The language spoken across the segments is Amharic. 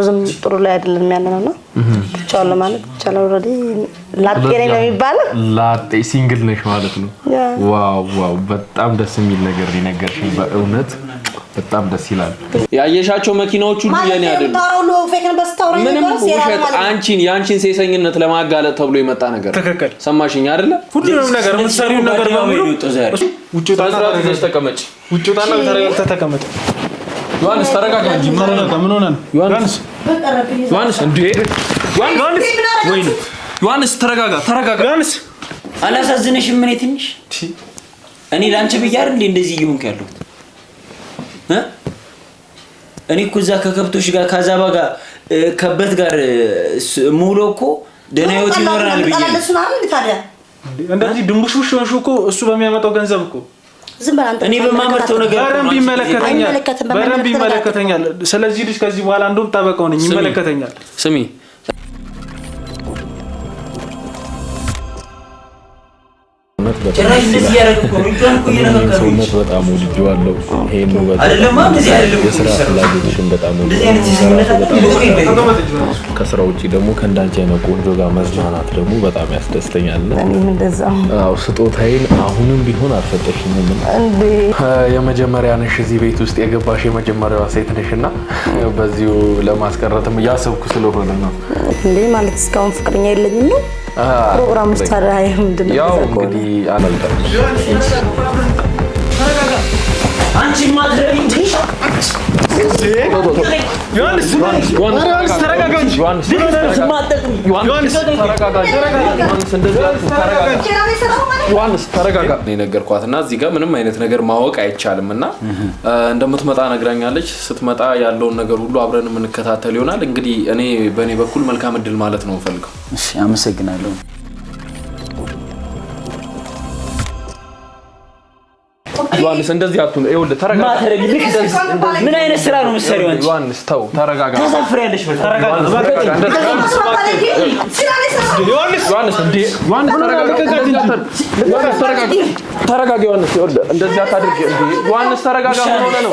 ብዙም ጥሩ ላይ አይደለም ያለ ነውና ትቻለሁ ማለት ትቻለሁ። ኦልሬዲ ላጤ ነኝ ነው የሚባለው። ላጤ ሲንግል ነሽ ማለት ነው። ዋው ዋው! በጣም ደስ የሚል ነገር የነገርሽኝ በእውነት በጣም ደስ ይላል። ያየሻቸው መኪናዎች ሁሉ የኔ አይደሉ። ምንም ውሸት አንቺን የአንቺን ሴሰኝነት ለማጋለጥ ተብሎ የመጣ ነገር ትክክል። ሰማሽኝ አይደለ? ሁሉንም ነገር ምን ሰሪው ነገር ነው። ውጭ ውጣና ተረጋግተሽ ተቀመጭ። ውጭ ውጣና ተረጋግተሽ ተቀመጭ። ዮሐንስ ተረጋጋ እንጂ ምን ሆነህ ነው? ዮሐንስ ዮሐንስ እንዴ! ዮሐንስ ወይ ነው ዮሐንስ ተረጋጋ፣ ተረጋጋ ዮሐንስ። አላሳዝንሽም? ምን ትንሽ እኔ ላንቺ ብዬ እንዴ እንደዚህ እየሆንክ ያለሁት? እኔ እኮ እዛ ከከብቶች ጋር ከዛባ ጋር ከበት ጋር ሙሉ እኮ ደህና ህይወት ይኖራል ብዬ እንደዚህ ድንቡሽቡሽ ሆንሽ እኮ እሱ በሚያመጣው ገንዘብ እኮ ዝም ብላ አንተ እኔ በማመርተው ነገር በደንብ ይመለከተኛል፣ ይመለከተኛል። ስለዚህ ልጅ ከዚህ በኋላ እንደውም ጠበቀው ነኝ፣ ይመለከተኛል። ስሚ ሰውነት በጣም ወድጄዋለሁ። ይሄን ነው የስራ ፍላጎትሽን በጣም ከስራ ውጭ ደግሞ ከእንዳንቺ አይነት ቆንጆ ጋር መዝናናት ደግሞ በጣም ያስደስተኛል። ስጦታዬን አሁንም ቢሆን አልፈጠሽኝም። የመጀመሪያ ነሽ እዚህ ቤት ውስጥ የገባሽ የመጀመሪያዋ ሴት ነሽ እና በዚሁ ለማስቀረትም እያሰብኩ ስለሆነ ነው። እንዴ ማለት እስካሁን ፍቅረኛ የለኝም ነው ፕሮግራም ውስጥ ታዲያ ያው እንግዲህ አላውቅም ተረጋጋ ነው የነገርኳት እና እዚህ ጋር ምንም አይነት ነገር ማወቅ አይቻልም እና እንደምትመጣ ነግራኛለች። ስትመጣ ያለውን ነገር ሁሉ አብረን የምንከታተል ይሆናል። እንግዲህ እኔ በእኔ በኩል መልካም እድል ማለት ነው የምፈልገው። አመሰግናለሁ። ዮሐንስ እንደዚህ አትሁን። ይኸውልህ ተረጋጋ። ምን አይነት ስራ ነው የምትሰሪው አንቺ? ዮሐንስ ተው፣ ተረጋጋ። ተሰፍሪያለሽ። ተረጋጋ ዮሐንስ፣ እንደዚህ አታድርጊ። ዮሐንስ ተረጋጋ። ምን ሆነህ ነው?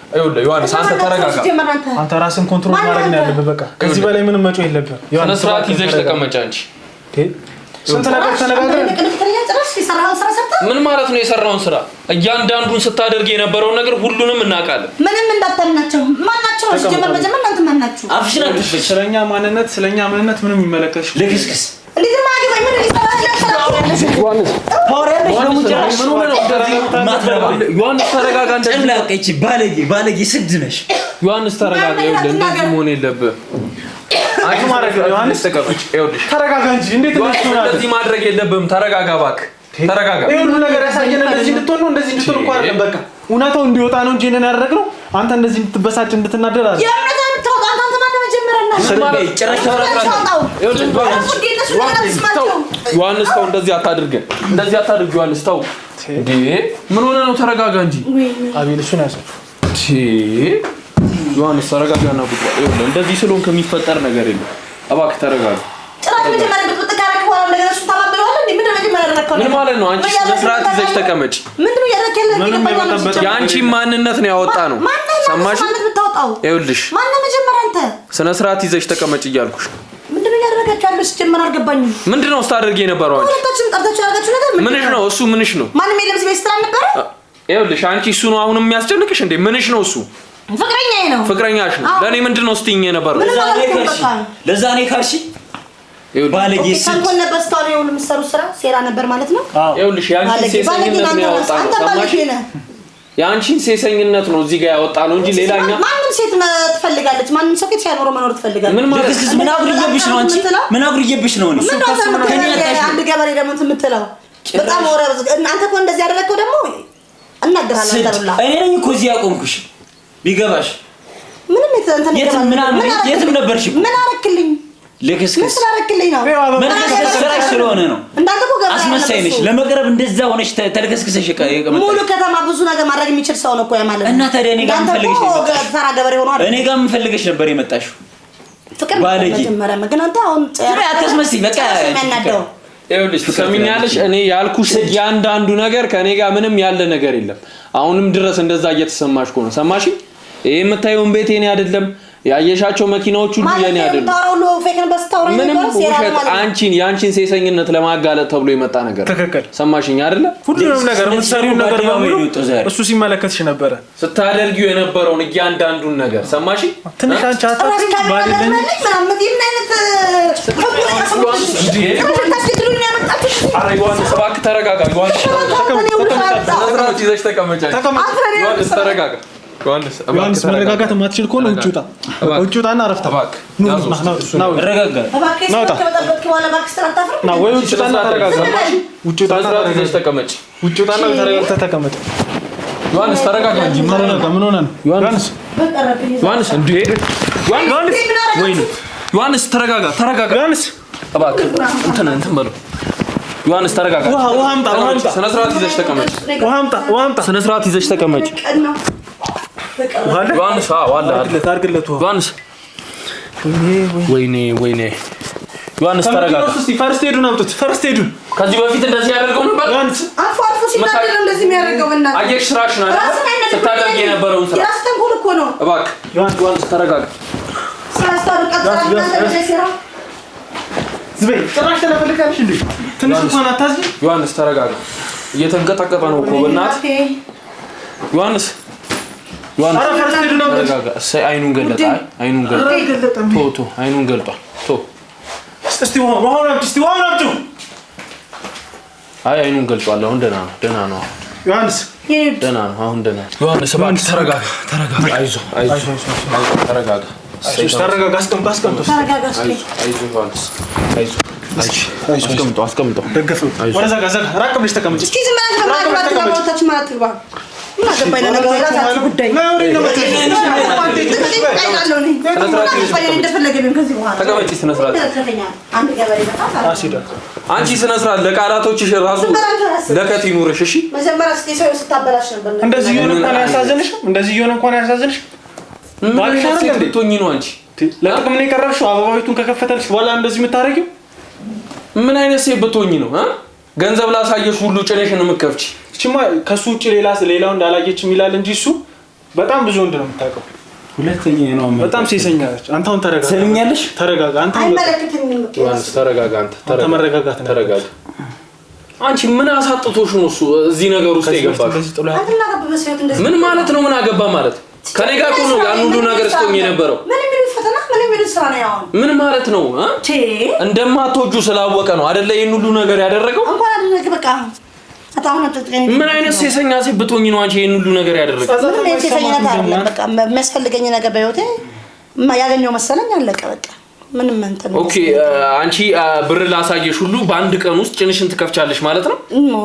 ዮሐንስ አንተ ተረጋጋ። አንተ ራስን ኮንትሮል ማድረግ ነው ያለብህ። በቃ ከዚህ በላይ ምንም መጮህ የለብህ። ስነ ስርዓት ይዘሽ ተቀመጫ እንጂ ስንት ነገር ተነጋግረን ምን ማለት ነው? የሰራውን ስራ እያንዳንዱን ስታደርግ የነበረውን ነገር ሁሉንም እናውቃለን። ምንም እንዳታምናቸው ማናቸው ስለኛ ማንነት ስለኛ ምንነት ምንም የሚመለከትሽ ልክስክስ ባለጌ ስድ ነሽ ዮሐንስ ተረጋጋ። እንደዚህ መሆን የለብህ። ተረጋጋ እንጂ እንደዚህ ማድረግ የለብህም። ተረጋጋ እባክህ፣ ተረጋጋ። ሁሉ ነገር ያሳየን እንደዚህ እንድትሆን ነው። እንደዚህ እንድትሆን እኮ አይደለም። በቃ እውነታው እንዲወጣ ነው እንጂ እኔን ያደረግነው አንተ እንደዚህ እንድትበሳጭ እንድትናደር አለ ዮሐንስ ተው፣ እንደዚህ አታድርገን፣ እንደዚህ አታድርግ ዮሐንስ ተው። ምን ሆነ ነው? ተረጋጋ እንጂ አቤል። እሱን ያሰው ዮሐንስ ተረጋጋና ቁጥራ ይኸውልህ፣ እንደዚህ ስለሆንክ የሚፈጠር ነገር የለም። እባክህ ተረጋጋ። ምን ማለት ነው? አንቺ በስርዓት ይዘሽ ተቀመጭ። የአንቺን ማንነት ነው ያወጣ ነው። ሰማሽ? ይኸውልሽ፣ ስነ ስርዓት ይዘሽ ተቀመጭ እያልኩሽ እያደረጋችሁ ያለው ሲጀመር አልገባኝም። ምንድን ነው ስታደርጊ የነበረው? ሁለታችን ጠርታችሁ ያደረጋችሁ ነገር ምንሽ ነው? እሱ ምንሽ ነው? ማንም የለም ሲበይ ስትል አልነበረ? ይኸውልሽ አንቺ እሱ ነው አሁንም የሚያስጨንቅሽ እንዴ? ምንሽ ነው እሱ? ፍቅረኛ ነው። ፍቅረኛሽ ነው። ለእኔ ምንድን ነው ስትይኝ የነበረው? ለዛ እኔ ካልሽ ባለጌ ስንት ሆነ? በስተዋል የምትሰሩት ስራ ሴራ ነበር ማለት ነው። ይኸውልሽ ያንቺ ሴሰኝነት ነው ያወጣ ነው። የአንቺን ሴሰኝነት ነው እዚህ ጋር ያወጣ ነው እንጂ ሌላኛ ማንም ሴት ትፈልጋለች። ማንም ሰው ሴት ሲያኖረው መኖር ትፈልጋለች። ምን ማለት ነው? ምን አጉርዬብሽ ነው? አንቺ ምን አጉርዬብሽ ነው? እኔ አንድ ገበሬ ደግሞ ትምትለው በጣም ወረር። አንተ እኮ እንደዚህ ያደረግከው ደግሞ እናገራለሁ። ተሩላ እኔ ነኝ እኮ እዚህ ያቆምኩሽ ቢገባሽ። ምንም የተንተን የትም ምናምን የትም ነበርሽ። ምን አረክልኝ? ልክስክስ ምን ስላረክልኝ ነው? ምን ስራሽ ስለሆነ ነው አስመሳይ ነሽ። ለመቅረብ እንደዛ ሆነሽ ተልከስክሰሽ ሙሉ ከተማ ብዙ ነገር ማድረግ የሚችል ሰው ነው እኮ ያ ማለት እና ታዲያ እኔ ጋር የምፈልገሽ ነበር የመጣሽው። ፍቅር ግን አንተ አሁን ጥሩ አታስመስይ። በቃ ይኸውልሽ ትሰሚኛለሽ፣ እኔ ያልኩሽ ያንዳንዱ ነገር ከእኔ ጋር ምንም ያለ ነገር የለም። አሁንም ድረስ እንደዛ እየተሰማሽ ከሆነ ሰማሽኝ። ይሄ የምታየውን ቤት የኔ አይደለም ያየሻቸው መኪናዎች ሁሉ የኔ አይደሉም። ምንም ውሸት አንቺን የአንቺን ሴሰኝነት ለማጋለጥ ተብሎ የመጣ ነገር ትክክል። ሰማሽኝ አይደለ? ሁሉንም ነገር የምትሰሪውን ነገር በሙሉ እሱ ሲመለከትሽ ነበረ፣ ስታደርጊው የነበረውን እያንዳንዱን ነገር ሰማሽኝ። ትንሽ አንቺ ተረጋጋ። ዮሐንስ መረጋጋት የማትችል ከሆነ ውጭ ውጣ፣ ውጭ ውጣ እና ረፍታ ዮሐንስ ተረጋጋ እንጂ ምን ሆነህ ነው? ዮሐንስ ዮሐንስ እንዴ! ዮሐንስ ወይ ነው ዮሐንስ ተረጋጋ፣ ተረጋጋ ዮሐንስ እባክህ እንትን እንትን በለው ዮሐንስ ተረጋጋ። ውሃ ውሃ አምጣ፣ ውሃ አምጣ፣ ስነ ስርዓት ይዘሽ ተቀመጭ። ውሃ አምጣ፣ ውሃ አምጣ፣ ስነ ስርዓት ይዘሽ ተቀመጭ። ዮሐንስ ተረጋጋ። ፈርስት ኤዱን አምጡት። ፈርስት ከዚህ በፊት እንደዚህ ያደርገው ነበር። ዮሐንስ አልፎ አልፎ ሲታደር እንደዚህ የሚያደርገው እና አየሽ፣ ስራሽ ነው አይደል? ስታደርጊ የነበረውን ስራ እኮ ነው። እባክህ ዮሐንስ፣ ዮሐንስ ተረጋጋ። ዮሐንስ ተረጋጋ። እየተንቀጠቀጠ ነው እኮ በእናትህ ዮሐንስ አይኑን ገለጠ። አይኑን ገልጧል። አይ አይኑን ገልጧል። አሁን ደህና ነው፣ ደህና ነው፣ ደህና ነው። አሁን ደህና ነው። ዮሐንስ እባክህ ተረጋጋ፣ ተረጋጋ፣ አይዞህ፣ አይዞህ፣ ተረጋጋ፣ ተረጋጋ። አስቀምጦ አስቀምጦ፣ አይዞህ ዮሐንስ፣ አይዞህ አስቀምጦ፣ አይዞህ አልገባኝ። ለነገሩ ራሳችሁ ጉዳይ አንቺ ስነ ስርዓት ለቃላቶችሽ ራሱ ለከት ይኑርሽ። እሺ እንደዚህ እየሆነ እንኳን አያሳዝንሽም። እንደዚህ እየሆነ እንኳን አያሳዝንሽም። ልትሆኚ ነው አንቺ ለጥቅም ነው የቀረብሽው። አበባ ቤቱን ከከፈተልሽ በኋላ እንደዚህ የምታደርጊው ምን አይነት ሴት ብትሆኚ ነው? ገንዘብ ላሳየሽ ሁሉ ጭነሽ ነው የምከፍች። እቺማ ከሱ ውጭ ሌላ ሌላው እንዳላየች የሚላል እንጂ እሱ በጣም ብዙ ወንድ ነው የምታውቀው። ሁለተኛ ነው በጣም ሴሰኛ አንተ አሁን ተረጋጋ፣ ሰምኛለሽ? ተረጋጋ አንተ። ተረጋጋ አንተ፣ ተረጋጋ ተረጋጋ። አንቺ ምን አሳጥቶሽ ነው እሱ እዚህ ነገር ውስጥ የገባሽ? ምን ማለት ነው? ምን አገባ ማለት ከኔ ጋር ነው ያን ሁሉ ነገር ስትሆኝ የነበረው ምን ማለት ነው? እንደማትወጁ ስላወቀ ነው አደለ? ይህን ሁሉ ነገር ያደረገው ምን አይነት ሴሰኛ ሴት ብትሆኚ ነው አንቺ ይህን ሁሉ ነገር ያደረገው? ምን የሚያስፈልገኝ ነገር በህይወቴ ያገኘው መሰለኝ። አለቀ በቃ ምንም እንትን ኦኬ። አንቺ ብር ላሳየሽ ሁሉ በአንድ ቀን ውስጥ ጭንሽን ትከፍቻለሽ ማለት ነው? ኖ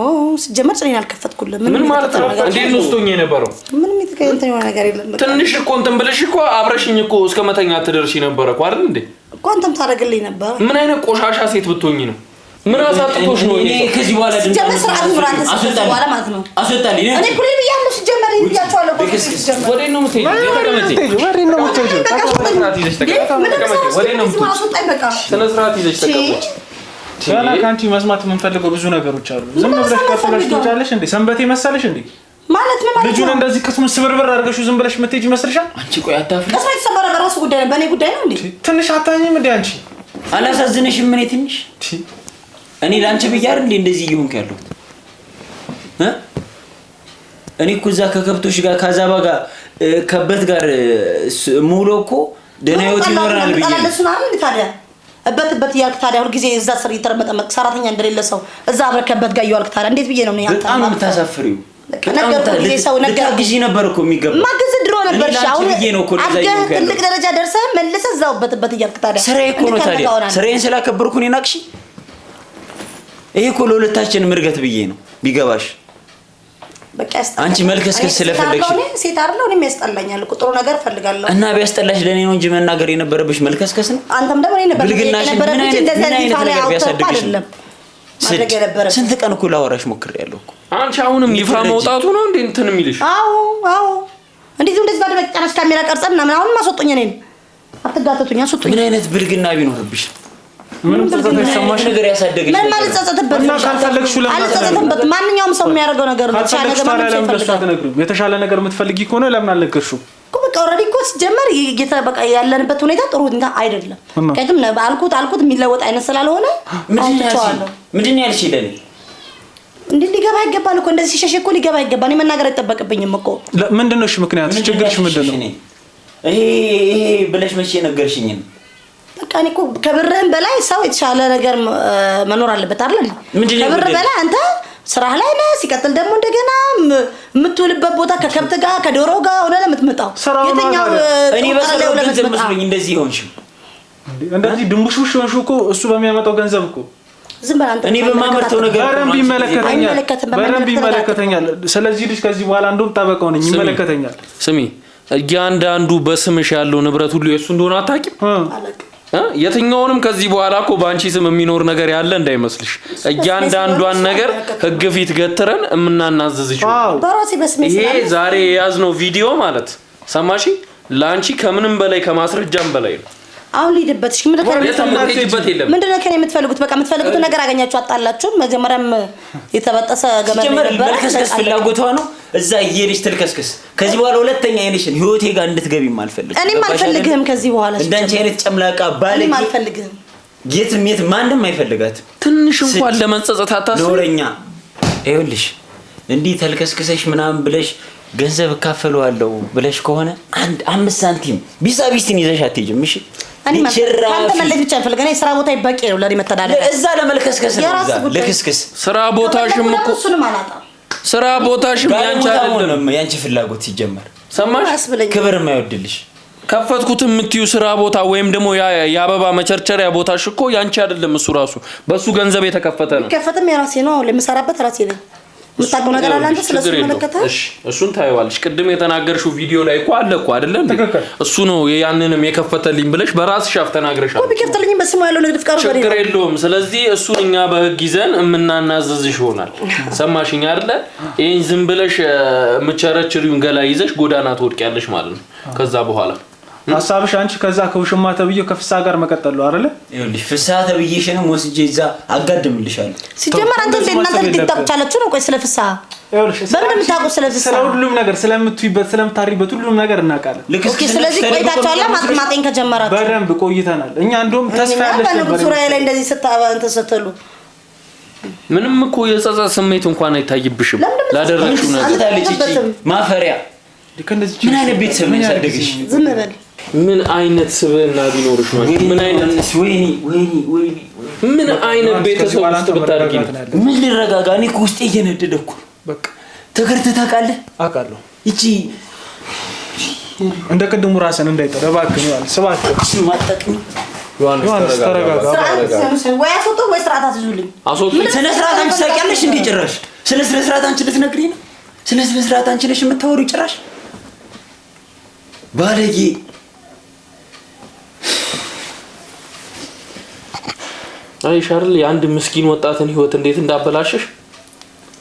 ሲጀመር ጭኔን አልከፈትኩልም። ምን ማለት ነው? እንዴት ነው ስቶኝ የነበረው? ምንም የተገኘ ነገር የለም። ትንሽ እኮ እንትን ብለሽ እኮ አብረሽኝ እኮ እስከ መተኛ ትደርሺ ነበረ እኮ አይደል እንዴ? እኮ አንተም ታደርግልኝ ምን አይነት ቆሻሻ ሴት ብትሆኝ ነው ምን አሳጥቶሽ ነው? እኔ ከዚህ በኋላ ከአንቺ መስማት የምንፈልገው ብዙ ነገሮች አሉ። ዝም ብለሽ ቀጥለሽ ትወጫለሽ እንዴ? ሰንበቴ መሰለሽ እንዴ? ማለት ነው ማለት ልጁን እንደዚህ ቅስሙን ስብርብር አድርገሽ ዝም ብለሽ የምትሄጂ ይመስልሻል? አንቺ ቆይ አታፍሪ። ቅስሙ የተሰበረ በራሱ ጉዳይ ነው፣ በእኔ ጉዳይ ነው እንዴ? ትንሽ አታኝም እንዴ አንቺ? አላሳዝንሽም? ምን ትንሽ እኔ ለአንቺ ብዬ አይደል እንደዚህ እየሆንክ ያለሁት? እኔ እኮ እዛ ከከብቶች ጋር ከዛባ ጋር ከበት ጋር ሙሉ እኮ ደህና ህይወት ይኖረናል ብዬ ነው ታዲያ እበት እበት እያልክ ታዲያ ሁል ጊዜ እዛ ስር እየተረመጠመጥክ ሰራተኛ እንደሌለ ሰው እዛ አብረህ ከበት ጋር እየዋልክ ታዲያ እንዴት ብዬ ነው እኔ አንተ በጣም የምታሳፍሪው ጊዜ ነበር እኮ የሚገባው ማግዝ ድሮ ነበር። አሁን አድገህ ትልቅ ደረጃ ደርሰህ መልሰህ እዛው በትበት በት እያልክ ታዲያ ስራዬ እኮ ስራዬን ስላከበርኩ እኔን አቅሽ ይሄ እኮ ለሁለታችን ምርገት ብዬ ነው ቢገባሽ አንቺ መልከስከስ ስለፈለግሽ ሴት አይደለሁ። እኔም ያስጠላኛል ጥሩ ነገር ፈልጋለሁ። እና ቢያስጠላሽ ለእኔ ነው እንጂ መናገር የነበረብሽ መልከስከስ ነው። አንተም ደግሞ እኔ ነበር የነበረብሽ። ስንት ቀን እኮ ላወራሽ ሞክሬያለሁ እኮ አንቺ አሁንም ይፋ መውጣቱ ነው እንዴ እንትን የሚልሽ? አዎ አዎ። እንዴት እንደዚህ ባደረቀ ካሜራ ቀርጸን ምናምን አሁንም አስወጡኝ። እኔን አትጋተቱኝ፣ አስወጡኝ። ምን አይነት ብልግና ቢኖርብሽ ምንም ጸጸት ማንኛውም ሰው የሚያደርገው ነገር ነው። የተሻለ ነገር የተሻለ ነገር የምትፈልጊ ከሆነ ለምን አልነገርሽው? በቃ ኦልሬዲ እኮ ሲጀመር በቃ ያለንበት ሁኔታ ጥሩ ሁኔታ አይደለም። ምክንያቱም አልኩት አልኩት የሚለወጥ አይነት ስላልሆነ አውጥቼዋለሁ። ምንድን ያልሽ ይለኝ እንዴ ሊገባ ይገባል እኮ እንደዚህ ሲሸሽ እኮ ሊገባ ይገባል። እኔ መናገር አይጠበቅብኝም እኮ። ምንድን ነው እሺ ምክንያት ችግርሽ ምንድን ነው? ይሄ ይሄ ብለሽ መቼ ነገርሽኝ በቃ እኔ እኮ ከብርህም በላይ ሰው የተሻለ ነገር መኖር አለበት አይደል? ከብር በላይ አንተ ስራህ ላይ ነህ። ሲቀጥል ደግሞ እንደገና የምትውልበት ቦታ ከከብት ጋር ከዶሮ ጋር ሆነ ለምትመጣው የትኛው እኔ በሰለው ገንዘብ መስሎኝ እንደዚህ ሆንሽ። እንደዚህ ድንቡሽቡሽ ሆንሽ እኮ እሱ በሚያመጣው ገንዘብ እኮ ዝም በል አንተ። እኔ በማመርተው ነገር በደንብ ይመለከተኛል፣ በደንብ ይመለከተኛል። ስለዚህ ልጅ ከዚህ በኋላ እንደውም ጠበቀው ነኝ፣ ይመለከተኛል። ስሚ፣ እያንዳንዱ በስምሽ ያለው ንብረት ሁሉ የእሱ እንደሆነ አታውቂም። የትኛውንም ከዚህ በኋላ እኮ በአንቺ ስም የሚኖር ነገር ያለ እንዳይመስልሽ። እያንዳንዷን ነገር ህግ ፊት ገትረን የምናናዘዝ ይሄ ዛሬ የያዝነው ቪዲዮ ማለት ሰማሽ፣ ለአንቺ ከምንም በላይ ከማስረጃም በላይ ነው። አሁን ልሂድበትሽ። ምንድን ነው ከእኔ የምትፈልጉት? በቃ የምትፈልጉትን ነገር አገኛችሁ፣ አጣላችሁ። መጀመሪያም የተበጠሰ ገመድ ነበር። መልከስከስ ፍላጎቷ ነው። እዛ እየሄድሽ ትልከስከስ። ከዚህ በኋላ ሁለተኛ አይነሽን ህይወቴ ጋር እንድትገቢም አልፈልግም። እኔም አልፈልግም። ከዚህ በኋላ እንዳንቺ አይነት ጨምላቃ ባለ አልፈልግም። የትም የት ማንም አይፈልጋት። ትንሽ እንኳን ለመጸጸት አታስብ። ኖረኛ ይኸውልሽ፣ እንዲህ ተልከስክሰሽ ምናምን ብለሽ ገንዘብ እካፈለዋለሁ ብለሽ ከሆነ አንድ አምስት ሳንቲም ቢሳ ቢስቲን ይዘሽ አትሄጂም። እሺ ስራ ቦታ ነው መተዳደር። እዛ ለመልከስከስ ነው። ልክስክስ ስራ ቦታሽም እኮ ስራ ቦታሽም ያንቺ አይደለም፣ ያንቺ ፍላጎት ሲጀመር ሰማሽ። ክብር የማይወድልሽ ከፈትኩት የምትዩ ስራ ቦታ ወይም ደግሞ የአበባ መቸርቸሪያ ቦታሽ እኮ ያንቺ አይደለም። እሱ ራሱ በሱ ገንዘብ የተከፈተ ነው። ከፈትም የራሴ ነው። ለምሰራበት ራሴ ነኝ። የምታውቀው ነገር አለ አንተ ስለሱ እሱን ታይዋለሽ። ቅድም የተናገርሽው ቪዲዮ ላይ እኮ አለ እኮ አይደለ እሱ ነው ያንንም የከፈተልኝ ብለሽ በራስሽ አፍ ተናግረሻል። በስሙ ያለው ንግድ ችግር የለውም። ስለዚህ እሱን እኛ በህግ ይዘን የምናናዘዝሽ ይሆናል። ሰማሽኝ አይደለ? ዝም ብለሽ የምቸረችሪውን ገላ ይዘሽ ጎዳና ትወድቂያለሽ ማለት ነው ከዛ በኋላ ሀሳብሽ አንቺ ከዛ ከውሽማ ተብዬ ከፍሳ ጋር መቀጠሉ ነው አይደለ? ይኸውልሽ ፍሳ ተብዬሽንም ወስጄ እዛ አጋድምልሻለሁ። ሲጀመር አንተ እንዴት እናንተ እንዴት ነው? ቆይ ስለ ፍሳ በምን የምታውቁት? ስለ ፍሳ ስለ ሁሉም ነገር ስለምትይበት ስለምታሪበት ሁሉም ነገር እናውቃለን። ኦኬ፣ ስለዚህ ቆይታችኋል። ማጥማጤን ከጀመራችሁ በደንብ ቆይተናል። እኛ እንደውም ተስፋ ያለሽ ነበር ዙሪያ ላይ እንደዚህ ስታ እንትን ስትሉ ምንም እኮ የጸጸት ስሜት እንኳን አይታይብሽም ላደረግሽው ነገር ማፈሪያ። ምን አይነት ቤተሰብ ነው ያሳደግሽ? ዝም በል ምን አይነት ስብዕና ቢኖርሽ ነው? ምን አይነት ወይኔ ወይኔ ወይኔ ምን አይነት ቤተሰብ ውስጥ ብታድጊ ነው? ምን ልረጋጋ? እኔ ውስጤ እየነደደ እኮ በቃ ታውቃለህ? አውቃለሁ። ይቺ እንደ ቅድሙ ራስን እንዳይጠራ እባክህ ነው ያለ ሰባት ዮሐንስ ተረጋጋ። ወይ አስወጡ ወይ ስርዓት አስይዙልኝ። ስነ ስርዓት አንቺ ታውቂያለሽ እንዴ? ጭራሽ ስለ ስነ ስርዓት አንቺ ልትነግሪኝ ነው? ስለ ስነ ስርዓት አንቺ ነሽ የምታወሪው ጭራሽ ባለጌ ታይሽ አይደል የአንድ ምስኪን ወጣትን ህይወት እንዴት እንዳበላሸሽ።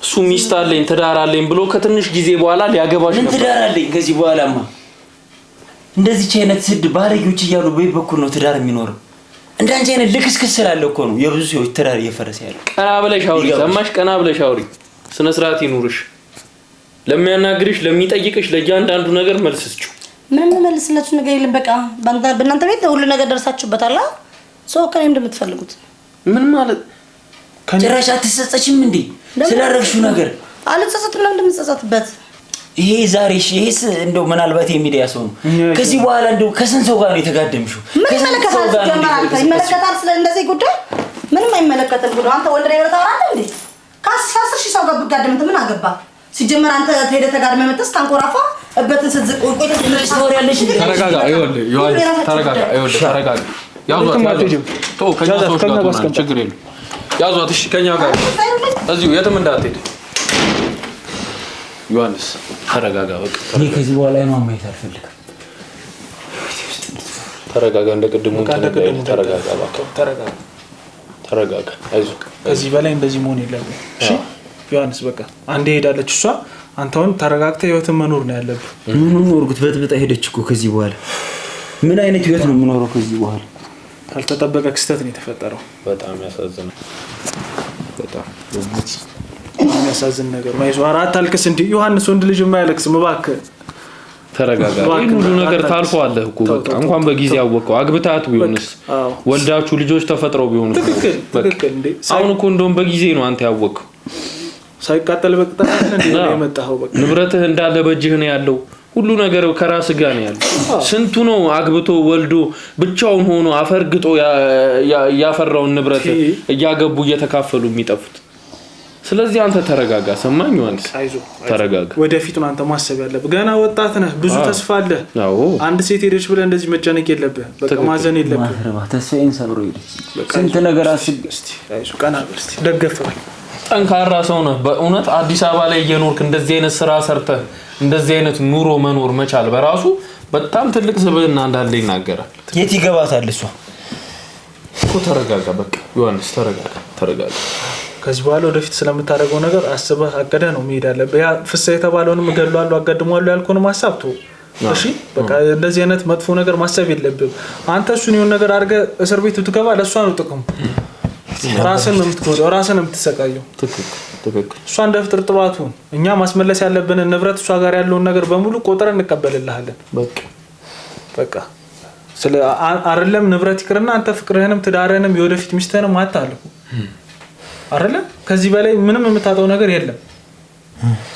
እሱ ሚስት አለኝ ትዳር አለኝ ብሎ ከትንሽ ጊዜ በኋላ ሊያገባሽ ነበር። ትዳር አለኝ ከዚህ በኋላማ እንደዚች አይነት ስድ ባለጌዎች እያሉ በይ በኩል ነው ትዳር የሚኖረው። እንዳንቺ አይነት ልክስክስ ስላለ እኮ ነው የብዙ ሰዎች ትዳር እየፈረሰ ያለ። ቀና ብለሽ አውሪ፣ ሰማሽ? ቀና ብለሽ አውሪ። ስነ ስርዓት ይኑርሽ። ለሚያናግርሽ፣ ለሚጠይቅሽ ለእያንዳንዱ ነገር መልስችው። ምን መልስላችሁ ነገር የለም። በቃ በእናንተ ቤት ሁሉ ነገር ደርሳችሁበታል። ሰው ከኔ እንደምትፈልጉት ምን ማለት ጭራሽ አትጸጸችም እንዴ ስላደረግሽው ነገር? አልጸጸትም። ለምን እንደምጸጸትበት ይሄ ዛሬ ይሄስ እንደው ምናልባት የሚዲያ ሰው ነው። ከዚህ በኋላ እንደው ከስንት ሰው ጋር ነው የተጋደምሽው? ምን ይመለከታል? ይመለከታል ስለ እንደዚህ ጉዳይ ምንም አይመለከትም። አንተ ወንድ ላይ ብረታ እንዴ? ከአስር ሺህ ሰው ጋር ብጋደምት ምን አገባ? ሲጀመር አንተ ታንኮራፋ እበትን ስትዝቅ ተረጋጋ። ይኸውልህ ተረጋጋ። ይኸውልህ ተረጋጋ ተረጋጋ ያዟት ተው፣ ከኛ ሰዎች ጋር ትሆናለች። ችግር የለም ያዟት። እሺ ከኛ ጋር እዚሁ የትም እንዳትሄድ። ዮሐንስ ተረጋጋ። በቃ እኔ ከዚህ በኋላ ነው ማየት አልፈልግም። ተረጋጋ፣ እንደ ቅድሙ ተረጋጋ፣ ተረጋጋ፣ ተረጋጋ። አይዞህ፣ ከዚህ በላይ እንደዚህ መሆን የለብህም። እሺ ዮሐንስ በቃ አንዴ ሄዳለች እሷ። አንተ አሁን ተረጋግተህ ህይወትን መኖር ነው ያለብህ። ምን ኖርኩት? በጥብጣ ሄደች እኮ። ከዚህ በኋላ ምን አይነት ህይወት ነው የምኖረው ከዚህ በኋላ? ካልተጠበቀ ክስተት ነው የተፈጠረው። በጣም ያሳዝናል። በጣም የሚያሳዝን ነገር ነው። አራት አልክስ እንዲ ዮሐንስ ወንድ ልጅ የማያለቅስ ምባክ ተረጋጋ። ሁሉ ነገር ታልፎ አለ እኮ በቃ እንኳን በጊዜ ያወቀው አግብታት ቢሆንስ ወልዳችሁ ልጆች ተፈጥረው ቢሆኑ አሁን እኮ እንደውም በጊዜ ነው አንተ ያወቀው ሳይቃጠል በቅጠል ንብረትህ እንዳለ በእጅህ ነው ያለው። ሁሉ ነገር ከራስ ጋ ነው ያለው። ስንቱ ነው አግብቶ ወልዶ ብቻውን ሆኖ አፈርግጦ ያፈራውን ንብረት እያገቡ እየተካፈሉ የሚጠፉት። ስለዚህ አንተ ተረጋጋ፣ ሰማኝ ዮሐንስ፣ ተረጋጋ። ወደፊቱን አንተ ማሰብ ያለብህ ገና ወጣት ነህ፣ ብዙ ተስፋ አለ። አንድ ሴት ሄደች ብለህ እንደዚህ መጨነቅ የለብህ፣ በቃ ማዘን የለብህ። ተስፋዬን ሰብሮ ሄደች። ስንት ነገር አስቤ ደገፈዋል ጠንካራ ሰው ነህ። በእውነት አዲስ አበባ ላይ እየኖርክ እንደዚህ አይነት ስራ ሰርተህ እንደዚህ አይነት ኑሮ መኖር መቻል በራሱ በጣም ትልቅ ስብዕና እንዳለ ይናገራል። የት ይገባታል እሷ እኮ። ተረጋጋ በቃ ዮሐንስ ተረጋጋ፣ ተረጋጋ። ከዚህ በኋላ ወደፊት ስለምታደርገው ነገር አስበህ አቀደ ነው መሄድ ያለብህ። ያ ፍስሀ የተባለውንም እገድለዋለሁ አጋድመዋለሁ ያልከውንም ሀሳብ ተወው። እሺ በቃ እንደዚህ አይነት መጥፎ ነገር ማሰብ የለብም። አንተ እሱን የሆን ነገር አድርገህ እስር ቤት ብትገባ ለእሷ ነው ጥቅሙ። ራስን ነው የምትጎዳው፣ ራስን ነው የምትሰቃየው። እሷን ደፍጥር ጥባቱ እኛ ማስመለስ ያለብንን ንብረት፣ እሷ ጋር ያለውን ነገር በሙሉ ቆጥረ እንቀበልልሃለን። በቃ ስለ አይደለም ንብረት ይቅርና አንተ ፍቅርህንም ትዳርህንም የወደፊት ሚስትህንም አለ አይደለም። ከዚህ በላይ ምንም የምታጠው ነገር የለም።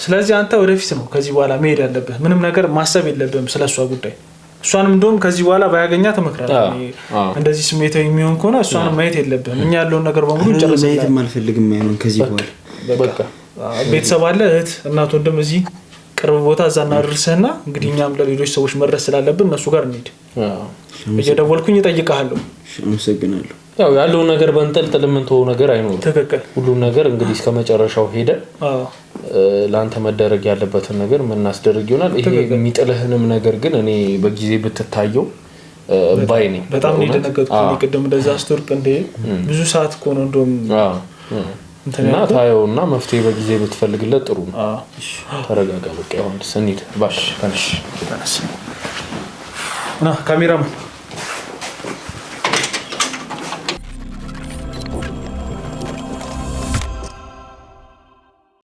ስለዚህ አንተ ወደፊት ነው ከዚህ በኋላ መሄድ ያለብህ። ምንም ነገር ማሰብ የለብህም ስለእሷ ጉዳይ እሷንም እንደውም ከዚህ በኋላ ባያገኛ ትመክራለህ። እንደዚህ ስሜታዊ የሚሆን ከሆነ እሷንም ማየት የለብህም። እኛ ያለውን ነገር በሙሉ ጨርሰናል። አልፈልግም ከዚህ በኋላ ቤተሰብ አለ፣ እህት፣ እናት፣ ወንድም እዚህ ቅርብ ቦታ እዛ እናደርስህና እንግዲህ እኛም ለሌሎች ሰዎች መድረስ ስላለብን እነሱ ጋር እንሄድ እየደወልኩኝ እጠይቅሃለሁ። አመሰግናለሁ። ያው ያለውን ነገር በንጠልጥል የምንትሆ ነገር አይኖርም። ትክክል። ሁሉም ነገር እንግዲህ እስከ መጨረሻው ሄደ ለአንተ መደረግ ያለበትን ነገር የምናስደርግ ይሆናል። ይሄ የሚጥልህንም ነገር ግን እኔ በጊዜ ብትታየው ባይ ነኝ። በጣም ነው ቅድም እንደዛ አስቱርቅ እንደ ብዙ ሰዓት እኮ ነው እንደውም እና ታየው እና መፍትሄ በጊዜ ብትፈልግለት ጥሩ ነው። ተረጋጋ በቃ ሆን ስኒድ ባሽ ተነሽ፣ ካሜራማን